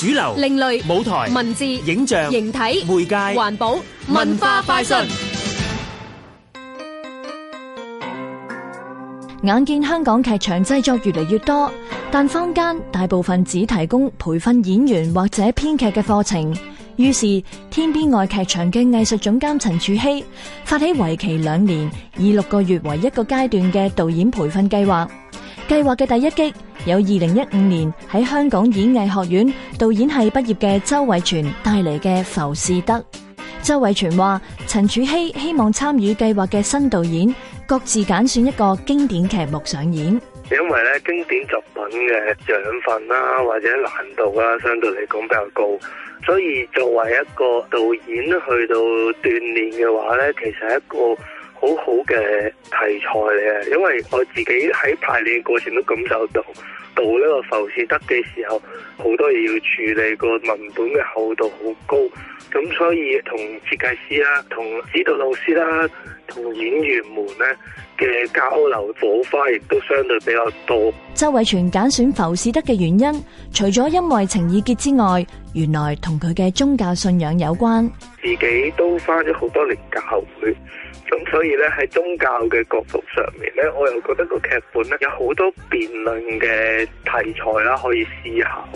主流、另類舞台、文字、影像、形體、媒介、環保、文化快訊。眼見香港劇場製作越嚟越多，但坊間大部分只提供培訓演員或者編劇嘅課程。於是，天邊外劇場嘅藝術總監陳柱希發起為期兩年、以六個月為一個階段嘅導演培訓計劃。計劃嘅第一擊有二零一五年喺香港演藝學院導演系畢業嘅周偉全帶嚟嘅《浮士德》。周偉全話：陳柱希希望參與計劃嘅新導演各自揀選一個經典劇目上演。因為咧經典作品嘅養分啦，或者難度啦，相對嚟講比較高，所以作為一個導演去到鍛煉嘅話咧，其實係一個。好好嘅題材嚟嘅，因為我自己喺排練過程都感受到，到呢個浮士德嘅時候，好多嘢要處理，個文本嘅厚度好高，咁所以同設計師啦、同指導老師啦、同演員們咧嘅交流火花亦都相對比較多。周慧全揀選浮士德嘅原因，除咗因為情意結之外，原來同佢嘅宗教信仰有關。自己都返咗好多年教會，咁所以咧喺宗教嘅角度上面咧，我又覺得個劇本咧有好多辯論嘅題材啦，可以思考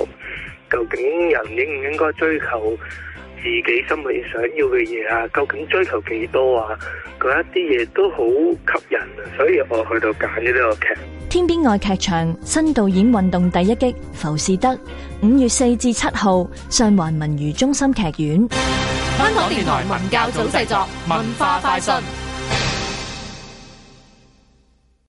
究竟人應唔應該追求自己心裏想要嘅嘢啊？究竟追求幾多啊？嗰一啲嘢都好吸引啊，所以我去到揀咗呢個劇《天邊外》劇場新導演運動第一擊《浮士德》，五月四至七號上環文娛中心劇院。香港電台文教組製作《文化快訊》。